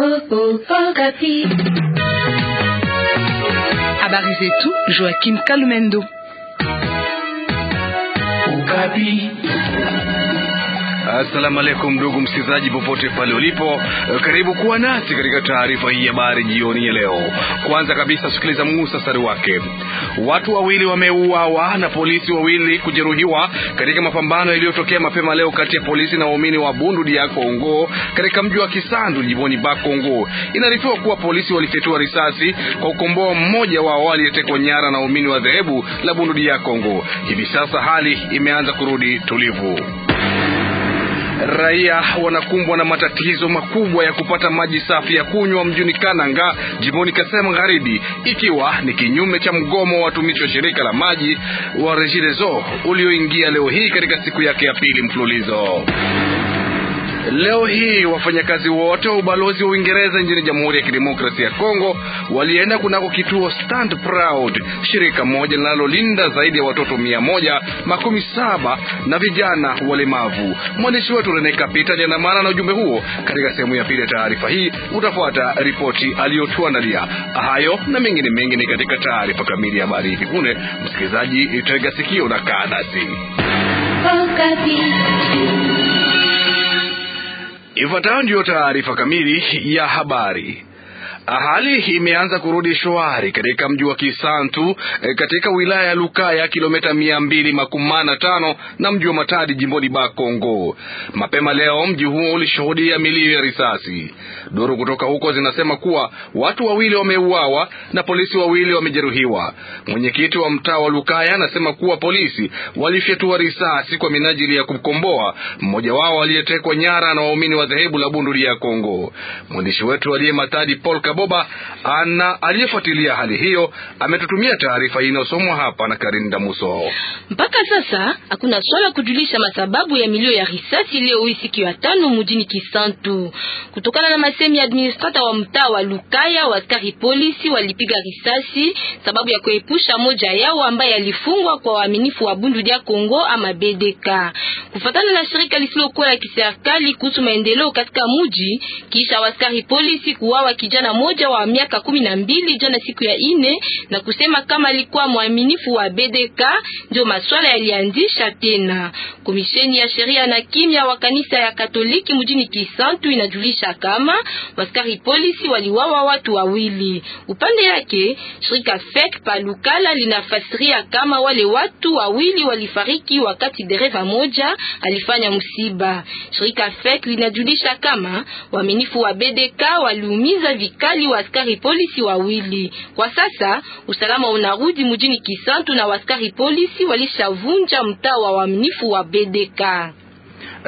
Oh oh Habari zetu Joachim Kalumendo. Gabi Assalamu alaikum ndugu msikilizaji, popote pale ulipo, eh, karibu kuwa nasi katika taarifa hii ya habari jioni ya leo. Kwanza kabisa, sikiliza muhtasari wake. Watu wawili wameuawa na polisi wawili kujeruhiwa katika mapambano yaliyotokea mapema leo kati ya polisi na waumini wa Bundu Diako Kongo katika mji wa Kisandu jimboni Bakongo. Inaarifiwa kuwa polisi walifyatua risasi kwa ukomboa mmoja wao aliyetekwa nyara na waumini wa dhehebu la Bundu Diako Kongo. Hivi sasa hali imeanza kurudi tulivu. Raia wanakumbwa na matatizo makubwa ya kupata maji safi ya kunywa mjini Kananga, jimboni Kasai Magharibi, ikiwa ni kinyume cha mgomo wa watumishi wa shirika la maji wa Regideso ulioingia leo hii katika siku yake ya pili mfululizo. Leo hii wafanyakazi wote wa ubalozi wa Uingereza nchini Jamhuri ya Kidemokrasia ya Kongo walienda kunako kituo Stand Proud, shirika moja linalolinda zaidi ya watoto mia moja makumi saba na vijana walemavu. Mwandishi wetu Rene Kapita aliandamana na ujumbe huo. Katika sehemu ya pili ya taarifa hii utafuata ripoti aliyotuandalia. Hayo na mengine mengi ni katika taarifa kamili ya habari hivi punde. Msikilizaji, tega sikio na kaa nasi. Oh, Ifuatayo ndiyo taarifa kamili ya habari. Hali imeanza kurudi shwari katika mji wa Kisantu e, katika wilaya ya Lukaya, kilomita mia mbili makumi na tano na mji wa Matadi jimboni Bakongo. Mapema leo mji huo ulishuhudia milio ya risasi. Duru kutoka huko zinasema kuwa watu wawili wameuawa na polisi wawili wamejeruhiwa. Mwenyekiti wa mtaa wa Lukaya anasema kuwa polisi walifyatua risasi kwa minajili ya kumkomboa mmoja wao aliyetekwa nyara na waumini wa dhehebu la Bunduli ya Kongo. Mwandishi wetu aliye Matadi, Paul Kaboba, ana aliyefuatilia hali hiyo ametutumia taarifa inayosomwa hapa na karin damuso Mpaka sasa hakuna swala kujulisha masababu ya milio ya risasi leo siku ya tano mjini Kisantu kutokana na semi administrata wa mtaa wa Lukaya wa askari polisi walipiga risasi sababu ya kuepusha moja yao ambaye alifungwa kwa waaminifu wa Bundu dia Kongo ama BDK. Kufatana na shirika lisilokuwa la kiserikali kuhusu maendeleo katika muji, kisha waskari polisi kuwawa kijana moja wa miaka kumi na mbili jana siku ya ine, na kusema kama alikuwa mwaminifu wa BDK, ndio maswala yalianzisha tena. Komisheni ya sheria na kimya wa kanisa ya Katoliki mjini Kisantu inajulisha kama Waskari polisi waliwawa watu wawili. Upande yake shirika FEC Palukala linafasiria kama wale watu wawili walifariki wakati dereva moja alifanya msiba. Shirika FEC linajulisha kama waminifu wa BDK waliumiza vikali waskari polisi wawili. Kwa sasa usalama unarudi mjini Kisantu na waskari polisi walishavunja mtaa wa waminifu wa BDK.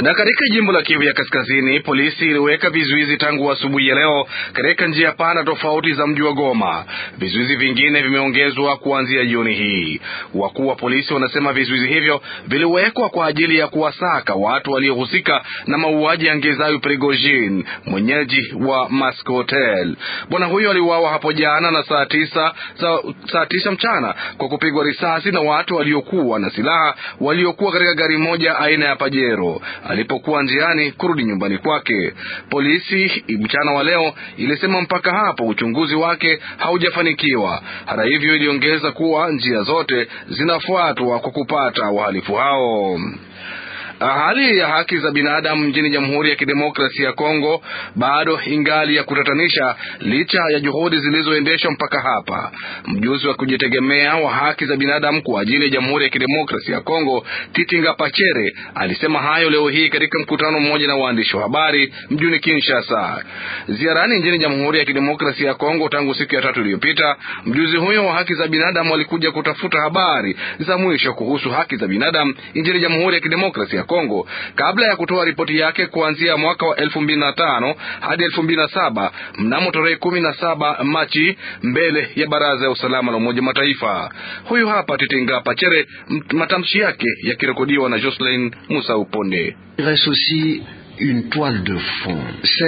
Na katika jimbo la Kivu ya Kaskazini, polisi iliweka vizuizi tangu asubuhi ya leo katika njia pana tofauti za mji wa Goma. Vizuizi vingine vimeongezwa kuanzia jioni hii. Wakuu wa polisi wanasema vizuizi hivyo viliwekwa kwa ajili ya kuwasaka watu waliohusika na mauaji ya Ngezayu Prigojin, mwenyeji wa Mask Hotel. Bwana huyo aliuawa hapo jana na saa tisa, saa, saa tisa mchana kwa kupigwa risasi na watu waliokuwa na silaha waliokuwa katika gari moja aina ya Pajero alipokuwa njiani kurudi nyumbani kwake. Polisi mchana wa leo ilisema mpaka hapo uchunguzi wake haujafanikiwa. Hata hivyo, iliongeza kuwa njia zote zinafuatwa kwa kupata wahalifu hao. Ah, hali ya haki za binadamu nchini Jamhuri ya Kidemokrasia ya Kongo bado ingali ya kutatanisha licha ya juhudi zilizoendeshwa mpaka hapa. Mjuzi wa kujitegemea wa haki za binadamu kwa ajili ya Jamhuri ya kidemokrasi ya Kongo, Titinga Pachere, alisema hayo leo hii katika mkutano mmoja na waandishi wa habari mjini Kinshasa. Ziarani nchini Jamhuri ya kidemokrasi ya Kongo tangu siku ya tatu iliyopita, mjuzi huyo wa haki za binadamu alikuja kutafuta habari za mwisho kuhusu haki za binadamu nchini Jamhuri ya ya Kongo kabla ya kutoa ripoti yake kuanzia mwaka wa 2005 hadi 2007 mnamo tarehe 17 Machi mbele ya Baraza ya Usalama la Umoja Mataifa. Huyu hapa Titinga Pachere, matamshi yake yakirekodiwa na Jocelyn Musa Uponde.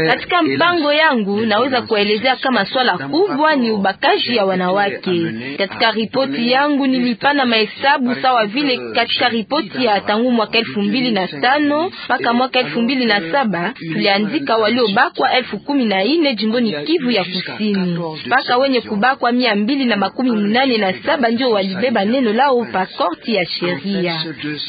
Katika mpango yangu naweza kuelezea kama swala kubwa ni ubakaji ya wanawake. Katika ripoti yangu nilipana mahesabu sawa vile katika ripoti ya tangu mwaka elfu mbili na tano mpaka mwaka elfu mbili na saba tuliandika waliobakwa elfu kumi na ine jimboni Kivu ya Kusini, mpaka wenye kubakwa mia mbili na makumi na saba ndio walibeba neno lao pa korti ya sheria.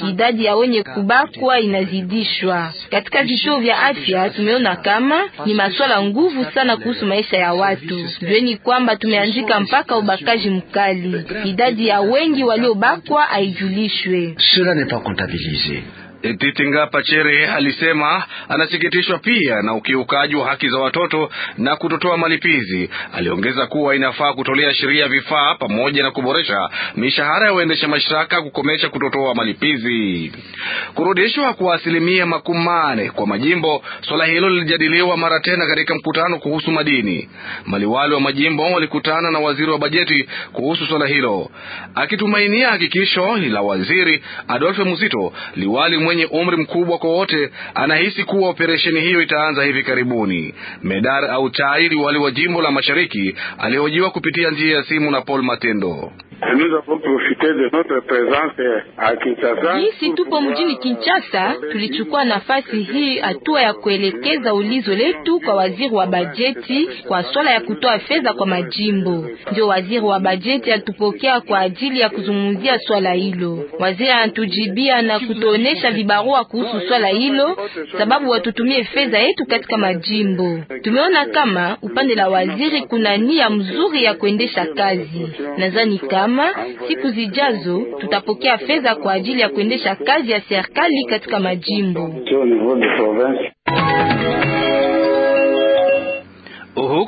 Idadi ya wenye kubakwa inazidishwa katika vituo vya afya tumeona kama ni maswala nguvu sana kuhusu maisha ya watu. Jueni kwamba tumeanzika mpaka ubakaji mkali, idadi ya wengi waliobakwa haijulishwe. Titinga Pachere alisema anasikitishwa pia na ukiukaji wa haki za watoto na kutotoa malipizi. Aliongeza kuwa inafaa kutolea sheria vifaa pamoja na kuboresha mishahara ya waendesha mashtaka, kukomesha kutotoa malipizi. Kurudishwa kwa asilimia makumi manne kwa majimbo, swala hilo lilijadiliwa mara tena katika mkutano kuhusu madini. Maliwali wa majimbo walikutana na waziri wa bajeti kuhusu swala hilo, akitumainia hakikisho la waziri Adolfe Muzito liwali mwenye umri mkubwa kwa wote anahisi kuwa operesheni hiyo itaanza hivi karibuni. Medar au Tairi, wali wa jimbo la Mashariki, alihojiwa kupitia njia ya simu na Paul Matendo. Jinsi tupo mjini Kinshasa, tulichukua nafasi hii hatua ya kuelekeza ulizo letu kwa waziri wa bajeti kwa swala ya kutoa fedha kwa majimbo. Ndio waziri wa bajeti alitupokea kwa ajili ya kuzungumzia swala hilo. Waziri anatujibia na kutuonesha vibarua kuhusu swala hilo, sababu watutumie fedha yetu katika majimbo. Tumeona kama upande la waziri kuna nia mzuri ya kuendesha kazi. Nadhani kama siku zijazo tutapokea fedha kwa ajili ya kuendesha kazi ya serikali katika majimbo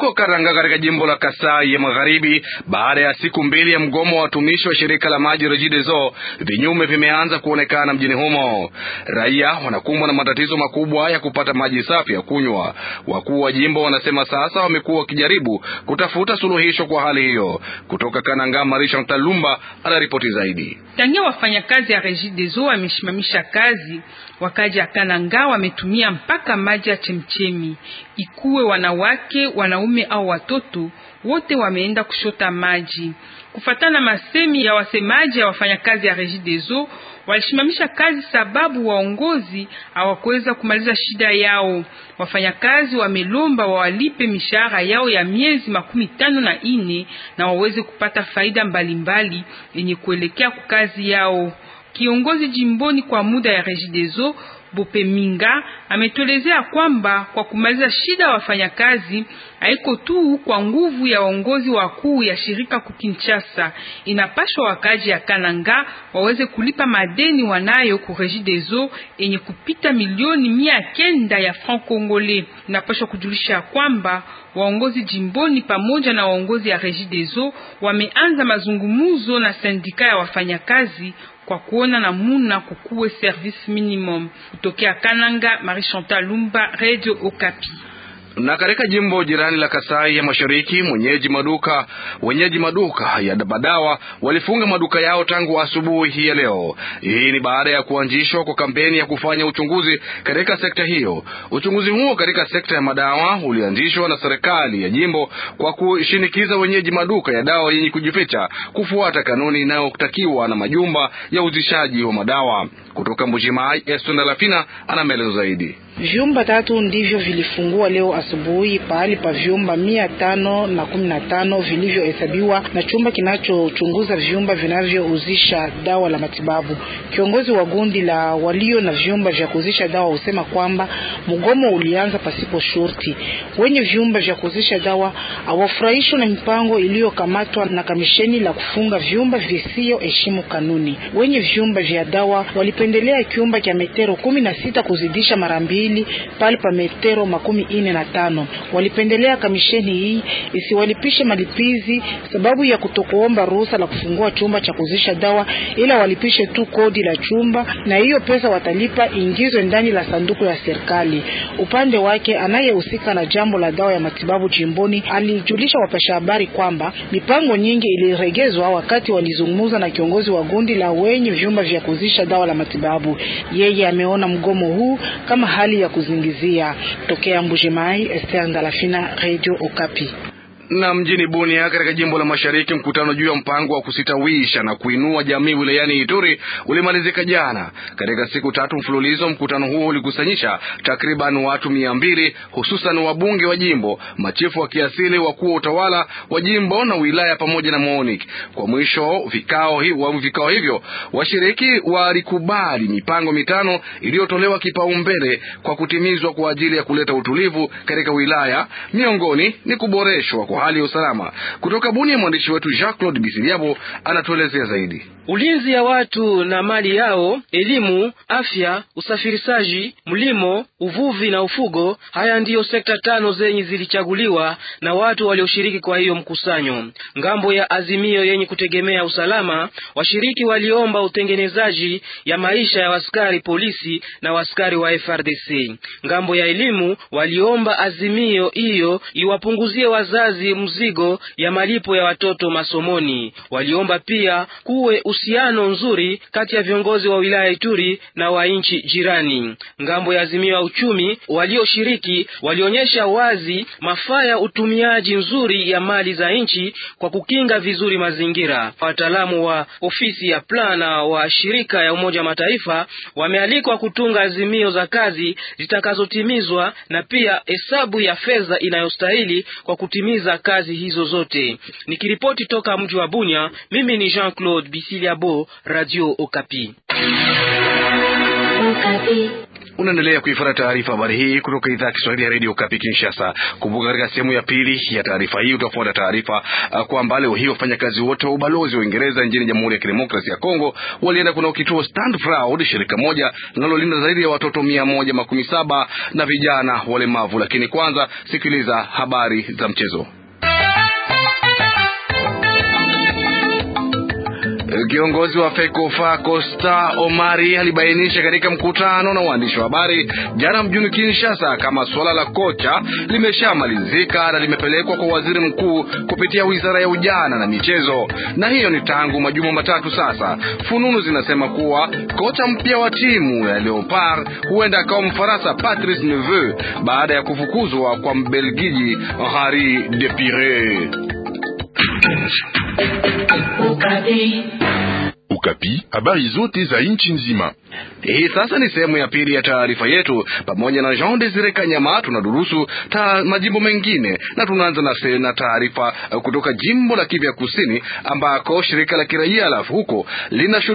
huko Karanga katika jimbo la Kasai ya Magharibi, baada ya siku mbili ya mgomo wa watumishi wa shirika la maji Regideso, vinyume vimeanza kuonekana mjini humo. Raia wanakumbwa na matatizo makubwa ya kupata maji safi ya kunywa. Wakuu wa jimbo wanasema sasa wamekuwa wakijaribu kutafuta suluhisho kwa hali hiyo. Kutoka Kananga, Marisha Talumba anaripoti zaidi. Tangia wafanyakazi ya Regideso wamesimamisha kazi, wakaja Kananga wametumia mpaka maji ya chemchemi, ikuwe wanawake wanaume wanaume au watoto wote wameenda kushota maji. Kufatana masemi ya wasemaji ya wafanyakazi ya Regideso, walishimamisha kazi sababu waongozi hawakuweza kumaliza shida yao. Wafanyakazi wamelomba wawalipe mishahara yao ya miezi makumi tano na ine na waweze kupata faida mbalimbali yenye kuelekea kwa kazi yao. Kiongozi jimboni kwa muda ya Regideso Bopeminga ametuelezea kwamba kwa kumaliza shida ya wafanyakazi haiko tu kwa nguvu ya waongozi wakuu ya shirika kukinchasa, inapashwa wakaji ya Kananga waweze kulipa madeni wanayo ku kurejidezo enye kupita milioni mia kenda ya franc congolais. Inapashwa kujulisha kwamba waongozi jimboni pamoja na waongozi ya rejidezo wameanza mazungumuzo na sendika ya wafanyakazi kwa kuona namuna kukuwe service minimum. Kutokea Kananga, Marie Chantal Lumba, Radio Okapi. Na katika jimbo jirani la Kasai ya Mashariki, mwenyeji maduka wenyeji maduka ya madawa walifunga maduka yao tangu asubuhi hii ya leo. Hii ni baada ya kuanzishwa kwa kampeni ya kufanya uchunguzi katika sekta hiyo. Uchunguzi huo katika sekta ya madawa ulianzishwa na serikali ya jimbo kwa kushinikiza wenyeji maduka ya dawa yenye kujificha kufuata kanuni inayotakiwa na majumba ya uzishaji wa madawa. Kutoka Mbujimai, Estona Lafina ana maelezo zaidi. Vyumba tatu ndivyo vilifungua leo asubuhi pahali pa vyumba mia tano na kumi na tano vilivyohesabiwa na chumba kinachochunguza vyumba vinavyouzisha dawa la matibabu. Kiongozi wa gundi la walio na vyumba vya kuuzisha dawa husema kwamba mgomo ulianza pasipo shurti. Wenye vyumba vya kuuzisha dawa hawafurahishwa na mipango iliyokamatwa na kamisheni la kufunga vyumba heshimu kanuni. Wenye vyumba vya dawa walipe kuendelea kiumba kya metero kumi na sita kuzidisha mara mbili pale pa metero makumi ine na tano. Walipendelea kamisheni hii isiwalipishe malipizi sababu ya kutokuomba ruhusa la kufungua chumba cha kuzisha dawa, ila walipishe tu kodi la chumba, na hiyo pesa watalipa ingizwe ndani la sanduku ya serikali. Upande wake anayehusika na jambo la dawa ya matibabu jimboni alijulisha wapasha habari kwamba mipango nyingi iliregezwa wakati walizungumza na kiongozi wa gundi la wenye vyumba vya kuzisha dawa la matibabu matibabu. Yeye ameona mgomo huu kama hali ya kuzingizia. Tokea Mbujimai, Esther Ndalafina, Radio Okapi. Na mjini Bunia katika jimbo la Mashariki, mkutano juu ya mpango wa kusitawisha na kuinua jamii wilayani Ituri ulimalizika jana. Katika siku tatu mfululizo, mkutano huo ulikusanyisha takriban watu mia mbili, hususan wabunge wa jimbo, machifu wa kiasili, wakuu wa utawala wa jimbo na wilaya, pamoja na MONUC. Kwa mwisho vikao hivyo, vikao hivyo washiriki walikubali mipango mitano iliyotolewa kipaumbele kwa kutimizwa kwa ajili ya kuleta utulivu katika wilaya. Miongoni ni kuboreshwa kwa hali ya usalama. Kutoka Bunia, mwandishi wetu Jean Claude Bisiliabo anatuelezea zaidi. Ulinzi ya watu na mali yao, elimu, afya, usafirishaji, mlimo, uvuvi na ufugo, haya ndiyo sekta tano zenye zilichaguliwa na watu walioshiriki kwa hiyo mkusanyo. Ngambo ya azimio yenye kutegemea usalama, washiriki waliomba utengenezaji ya maisha ya waskari polisi na waskari wa FRDC. Ngambo ya elimu, waliomba azimio hiyo iwapunguzie wazazi kupunguzi mzigo ya malipo ya watoto masomoni. Waliomba pia kuwe uhusiano nzuri kati ya viongozi wa wilaya Ituri na wa nchi jirani. Ngambo ya azimio ya uchumi, walioshiriki walionyesha wazi mafaa ya utumiaji nzuri ya mali za nchi kwa kukinga vizuri mazingira. Wataalamu wa ofisi ya plana wa shirika ya Umoja wa Mataifa wamealikwa kutunga azimio za kazi zitakazotimizwa na pia hesabu ya fedha inayostahili kwa kutimiza kazi hizo zote. Nikiripoti toka mji wa Bunya, mimi ni Jean-Claude Bisiliabo, Radio Okapi. Okapi. Unaendelea kuifuata taarifa habari hii kutoka idhaa ya Kiswahili ya redio Kapi Kinshasa. Kumbuka, katika sehemu ya pili ya taarifa hii utafuata taarifa uh, kwamba leo hii wafanyakazi wote wa ubalozi wa Uingereza nchini Jamhuri ya kidemokrasi ya Kongo walienda kuna kituo Stand Proud, shirika moja linalolinda zaidi ya watoto mia moja makumi saba na vijana walemavu. Lakini kwanza sikiliza habari za mchezo. Kiongozi wa fekofa Costa Omari alibainisha katika mkutano na waandishi wa habari jana mjini Kinshasa kama suala la kocha limeshamalizika na limepelekwa kwa waziri mkuu kupitia wizara ya ujana na michezo, na hiyo ni tangu majuma matatu sasa. Fununu zinasema kuwa kocha mpya wa timu ya Leopard huenda akawa Mfaransa Patrice Neveu baada ya kufukuzwa kwa Mbelgiji Henri Depire. Ukapi, habari zote za nchi nzima. Hii e, sasa ni sehemu ya pili ya taarifa yetu. Pamoja na Jean Desire Kanyama tunadurusu ta majimbo mengine, na tunaanza na, na taarifa e, kutoka jimbo la Kivu Kusini ambako shirika la kiraia la huko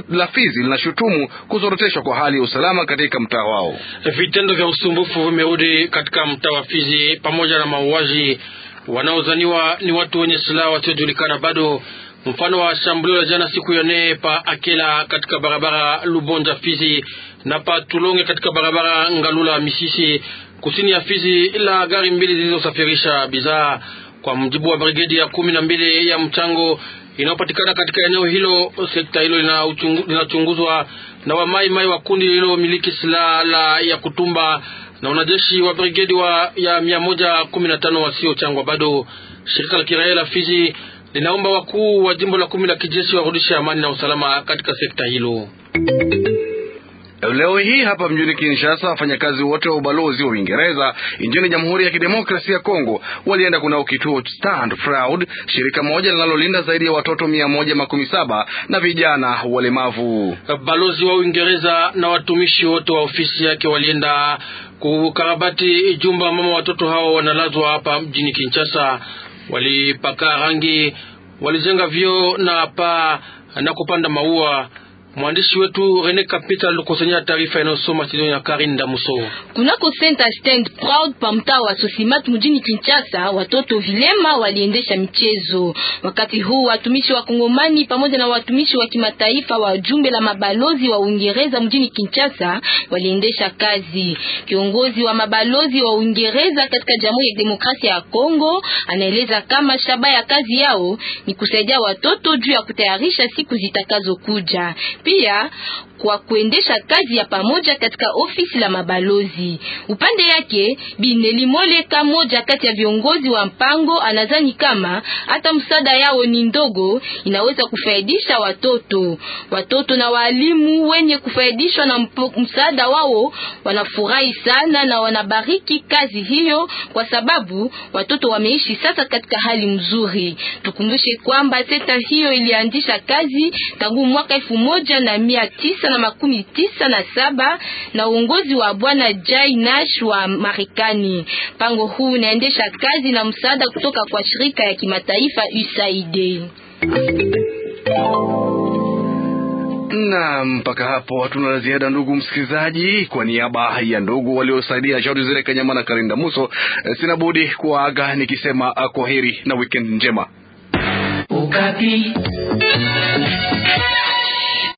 la Fizi linashutumu kuzoroteshwa kwa hali ya usalama katika mtaa wao. Vitendo vya usumbufu vimerudi katika mtaa wa Fizi pamoja na mauaji. Wanaozaniwa ni watu wenye silaha wasiojulikana bado mfano wa shambulio la jana siku ya nne pa Akela katika barabara Lubonja Fizi na pa Tulonge katika barabara Ngalula Misisi kusini ya Fizi, ila gari mbili zilizosafirisha bidhaa, kwa mjibu wa brigedi ya kumi na mbili ya mchango inayopatikana katika eneo hilo. Sekta hilo linachunguzwa na wamaimai wa kundi lililomiliki silaha la ya kutumba na wanajeshi wa brigedi wa ya mia moja kumi na tano wasiochangwa bado. Shirika la kiraia la Fizi linaomba wakuu wa jimbo la kumi la kijeshi warudishe amani na usalama katika sekta hilo. Leo hii hapa mjini Kinshasa, wafanyakazi wote wa ubalozi wa Uingereza nchini Jamhuri ya Kidemokrasia ya Kongo walienda kunao kituo Stand Proud, shirika moja linalolinda zaidi ya watoto mia moja makumi saba na vijana walemavu. Balozi wa Uingereza na watumishi wote wa ofisi yake walienda kukarabati jumba mama watoto hao wanalazwa hapa mjini Kinshasa walipaka rangi, walijenga vyoo na paa na kupanda maua Mwandishi wetu Rene Kapita alikusanyia taarifa inayosoma chini ya Karinda Muso. Kunako Center Stand Proud pa mtaa wa Sosimat mjini Kinshasa, watoto vilema waliendesha michezo. Wakati huu watumishi wa Kongomani pamoja na watumishi wa kimataifa wa jumbe la mabalozi wa Uingereza mjini Kinshasa waliendesha kazi. Kiongozi wa mabalozi wa Uingereza katika Jamhuri ya Demokrasia ya Kongo anaeleza kama shabaha ya kazi yao ni kusaidia watoto juu ya kutayarisha siku zitakazokuja pia kwa kuendesha kazi ya pamoja katika ofisi la mabalozi. Upande yake Bineli Mole, moja kati ya viongozi wa mpango, anazani kama hata msaada yao ni ndogo, inaweza kufaidisha watoto. Watoto na walimu wenye kufaidishwa na msaada wao wanafurahi sana na wanabariki kazi hiyo, kwa sababu watoto wameishi sasa katika hali mzuri. Tukumbushe kwamba seta hiyo iliandisha kazi tangu mwaka elfu moja moja na mia tisa na makumi tisa na saba na uongozi wa bwana Jay Nash wa Marekani. Mpango huu unaendesha kazi na msaada kutoka kwa shirika ya kimataifa USAID. Na mpaka hapo hatuna la ziada, ndugu msikilizaji. Kwa niaba ya ndugu waliosaidia shauri zile Kanyama na Karinda Muso, eh, sina budi kuaga nikisema ah, heri na weekend njema Ukati.